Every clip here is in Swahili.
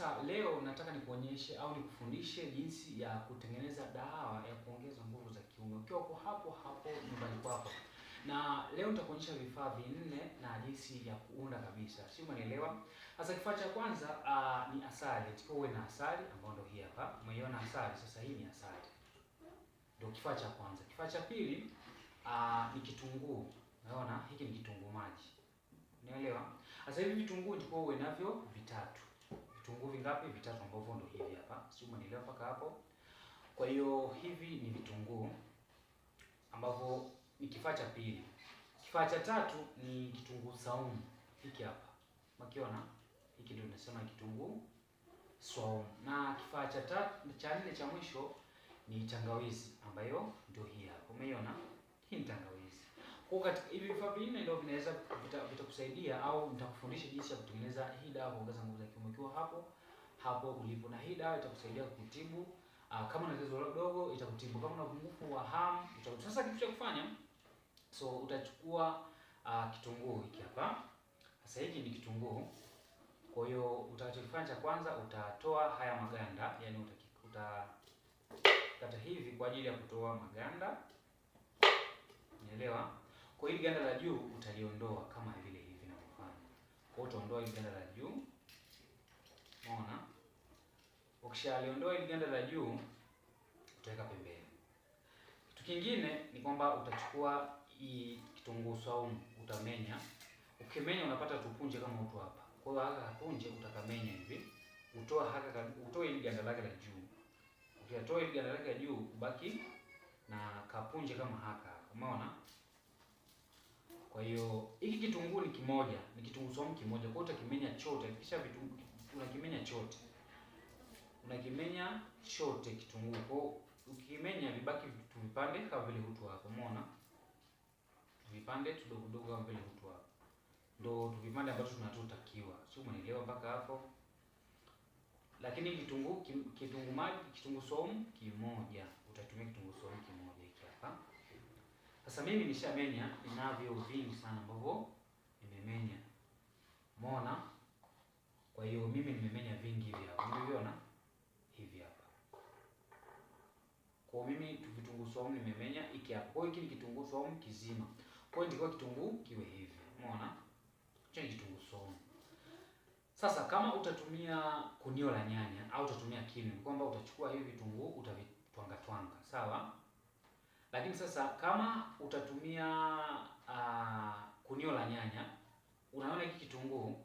Sasa leo nataka nikuonyeshe au nikufundishe jinsi ya kutengeneza dawa ya kuongeza nguvu za kiume ukiwa uko hapo hapo nyumbani kwako, na leo nitakuonyesha vifaa vinne na jinsi ya kuunda kabisa, si umeelewa? Sasa kifaa cha kwanza uh, ni asali. Chukua uwe na asali ambayo ndio hii hapa, umeiona asali. Sasa hii ni asali, ndio kifaa cha kwanza. Kifaa cha pili uh, ni kitunguu. Umeona hiki ni kitunguu maji, unaelewa? Sasa hivi vitunguu ndio uwe navyo vitatu vitunguu vingapi? Vitatu, ambavyo ndio hivi hapa, sio umenielewa mpaka hapo? Kwa hiyo hivi ni vitunguu ambavyo ni kifaa cha pili. Kifaa cha tatu ni kitunguu saumu hiki hapa, makiona hiki ndio tunasema kitunguu saumu, na kifaa cha tatu cha nne cha mwisho ni tangawizi ambayo ndio hii hapa, umeiona hii ni tangawizi. Kwa katika hivi vifaa vinne ndio vinaweza vitakusaidia au nitakufundisha jinsi ya kutengeneza hii dawa kuongeza nguvu za kiume ukiwa hapo hapo ulipo, na hii dawa itakusaidia kukutibu uh, kama una tatizo dogo itakutibu, kama una upungufu wa hamu itakutibu. Sasa kitu cha kufanya, so utachukua uh, kitunguu hiki hapa. Sasa hiki ni kitunguu. Kwa hiyo utakachofanya cha kwanza utatoa haya maganda, yani utakikuta kata hivi kwa ajili ya kutoa maganda. Unaelewa? Kwa hili ganda la juu utaliondoa kama vile hivi ninavyofanya. Kwa utaondoa hili ganda la juu. Unaona? Ukishaliondoa hili ganda la juu utaweka pembeni. Kitu kingine ni kwamba utachukua hii kitunguu saumu utamenya. Ukimenya unapata tupunje kama utu hapa. Kwa hiyo haka punje utakamenya hivi. Utoa haka utoe hili ganda lake la juu. Ukiatoa hili ganda lake la juu ubaki na kapunje kama haka. Umeona? Kwa hiyo hiki kitunguu ni kimoja, ni kitunguu saumu kimoja. Kwa hiyo utakimenya chote, hakikisha vitunguu unakimenya chote. Unakimenya chote kitunguu. Kwa hiyo ukimenya vibaki vipande kama vile hutu hapo, umeona? Vipande tudogo dogo kama vile hutu hapo. Ndio vipande ambacho tunatotakiwa. Sio, umeelewa mpaka hapo? Lakini kitunguu kitunguu maji kitunguu saumu kimoja. Utatumia kitunguu saumu kimoja hiki hapa. Sasa mimi nishamenya, ninavyo vingi sana ambavyo nimemenya. Umeona? Kwa hiyo mimi nimemenya vingi hivi hapa. Unaviona? Hivi hapa. Kwa mimi kitunguu saumu nimemenya iki hapo. Kwa hiki kitunguu saumu kizima. Kwa hiyo ndiko kitunguu kiwe hivi. Umeona? Hicho kitunguu saumu. Sasa kama utatumia kunio la nyanya au utatumia kinu, kwamba utachukua hivi vitunguu utavitwanga twanga, sawa? Lakini sasa kama utatumia uh, kunio la nyanya, unaona hiki kitunguu,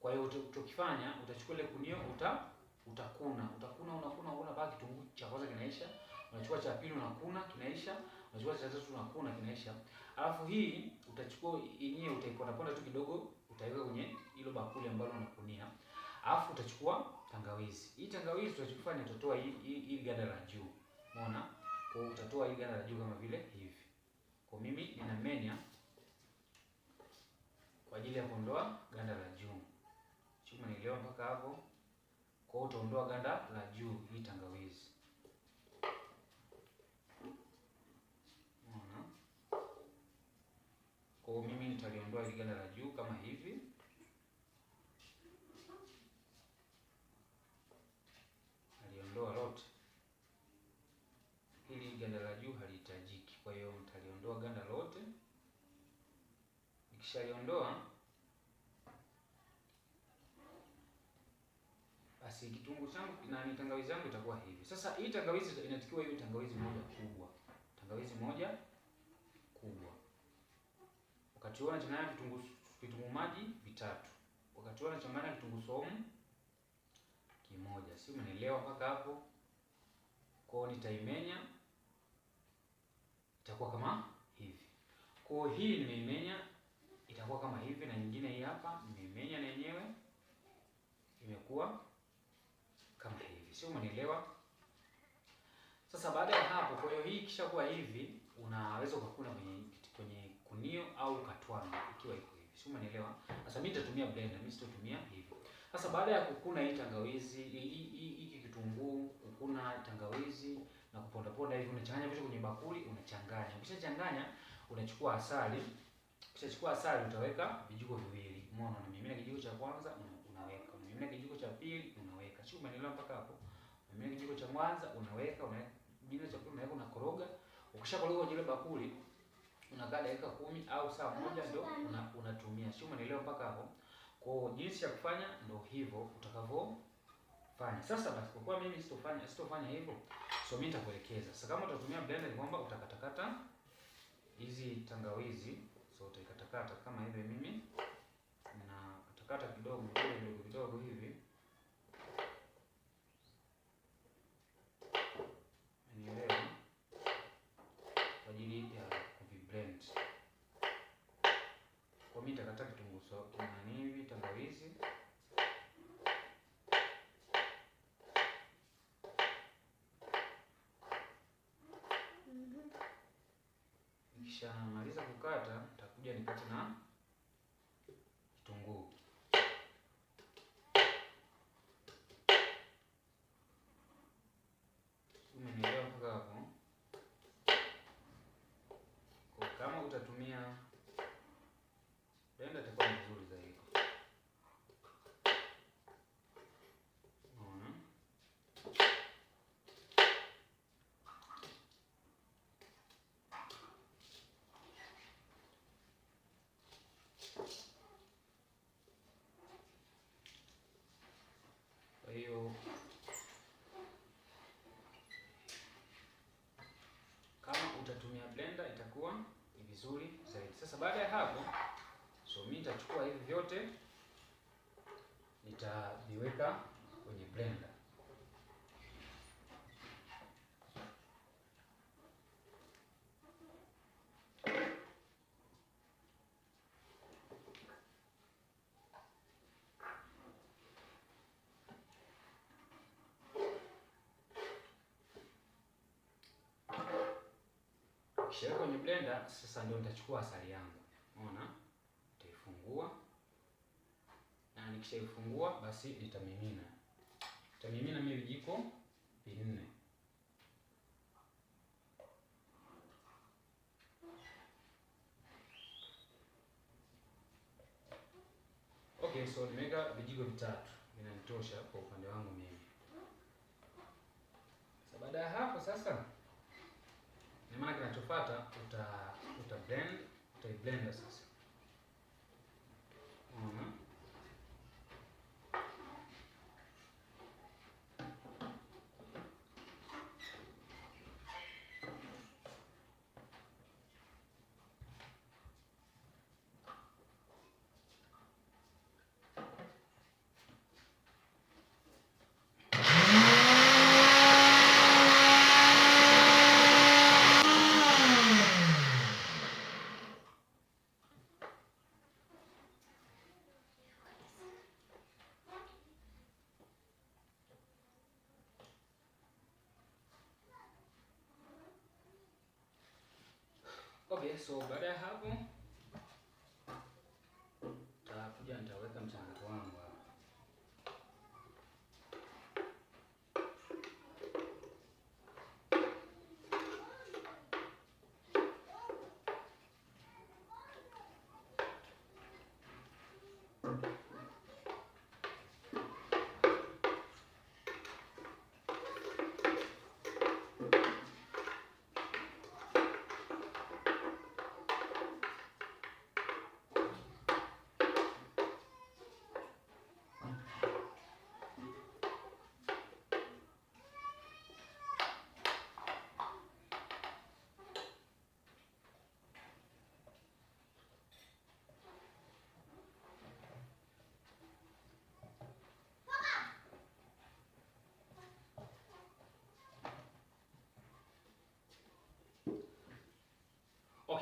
kwa hiyo utokifanya utachukua ile kunio uta utakuna, utakuna, unakuna, unakuna unabaki kitunguu cha kwanza kinaisha, unachukua cha pili unakuna kinaisha, unachukua cha tatu unakuna kinaisha. Alafu hii utachukua yenyewe utaikona ponda tu kidogo, utaiweka kwenye hilo bakuli ambalo unakunia. Alafu utachukua tangawizi. Hii tangawizi tutachofanya tutatoa hii hii ganda la juu. Unaona? Kwa hiyo utatoa hii ganda la juu kama vile hivi. Kwa mimi nina kwa ajili ya kuondoa ganda la juu. Chuma nilielewa mpaka hapo. Kwa hiyo utaondoa ganda la juu hii tangawizi. Kwa hiyo mimi nitaliondoa hili ganda la juu kama hivi. Ukishaliondoa basi kitunguu changu na tangawizi yangu itakuwa hivi. Sasa hii tangawizi inatakiwa hiyo tangawizi moja kubwa, tangawizi moja kubwa. Wakati huo anachanganya vitunguu vitunguu maji vitatu, wakati huo anachanganya kitunguu saumu kimoja. Si umenielewa mpaka hapo? Kwao nitaimenya itakuwa kama hivi. Kwao hii nimeimenya hapa, nimemenya na yenyewe imekuwa kama hivi, sio? Umenielewa? Sasa baada ya hapo, kwa hiyo hii kisha kuwa hivi, unaweza ukakuna kwenye kwenye kunio au ukatwanga ikiwa iko hivi, sio? Umenielewa? Sasa mimi nitatumia blender, mimi sitotumia hivi. Sasa baada ya kukuna hii tangawizi, hiki kitunguu, kukuna tangawizi na kuponda ponda hivi, unachanganya vitu kwenye bakuli, unachanganya. Ukishachanganya unachukua asali, ukishachukua asali utaweka vijiko viwili Umeona, unamimina kijiko cha kwanza unaweka, unamimina kijiko cha pili unaweka. Sio umeelewa mpaka hapo? Unamimina kijiko cha kwanza unaweka, unaweka kijiko cha pili unaweka, unakoroga. Ukishakoroga kwenye ile bakuli unakaa dakika kumi au saa ah, moja ndio una, unatumia. Sio umeelewa mpaka hapo? Kwa jinsi ya kufanya ndio hivyo utakavyo fanya. Sasa basi kwa kuwa mimi sitofanya sitofanya hivyo, so mimi nitakuelekeza. Sasa kama utatumia blender ni kwamba utakatakata hizi tangawizi, so utakatakata kama hivi mimi kata kidogo vidogo vidogo hivi, nielewa, kwa ajili ya kuviblend. Kwa mimi nitakata kitunguu saumu na hivi tangawizi mhm. Nikishamaliza kukata nitakuja nikate na vizuri zaidi. Sasa baada ya hapo, so mimi nitachukua hivi vyote nitaviweka kwenye blender. Ukishaweka kwenye blender sasa ndio nitachukua asali yangu. Unaona? Nitaifungua. Na nikishaifungua basi nitamimina. Nitamimina mimi vijiko vinne. Okay, so nimeweka vijiko vitatu. Vinanitosha kwa upande wangu mimi. Sasa baada ya hapo sasa maana kinachofuata uta uta blend, utaiblenda sasa okay so baada ya hapo nitakuja nitaweka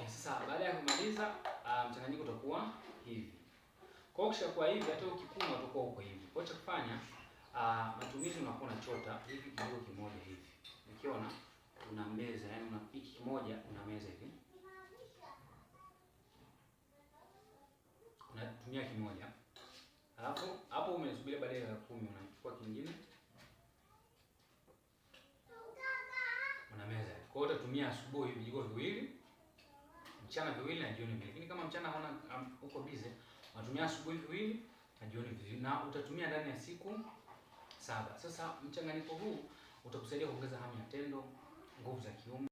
Okay, sasa baada ya kumaliza uh, mchanganyiko utakuwa hivi. Kwa hiyo kisha kwa hivi hata ukikuma utakuwa uko hivi. Kwa cha kufanya uh, matumizi unakuwa unachota hivi kidogo kimoja hivi. Ukiona una meza, yani una piki kimoja una meza hivi. Unatumia kimoja. Alafu hapo umesubiri baada ya kumi unachukua kingine. Una meza. Kwa hiyo utatumia asubuhi vijiko viwili mchana viwili na jioni viwili. Lakini kama mchana hauna um, uko busy, unatumia asubuhi viwili na jioni viwili na utatumia ndani ya siku saba. Sasa mchanganyiko huu utakusaidia kuongeza hamu ya tendo, nguvu za kiume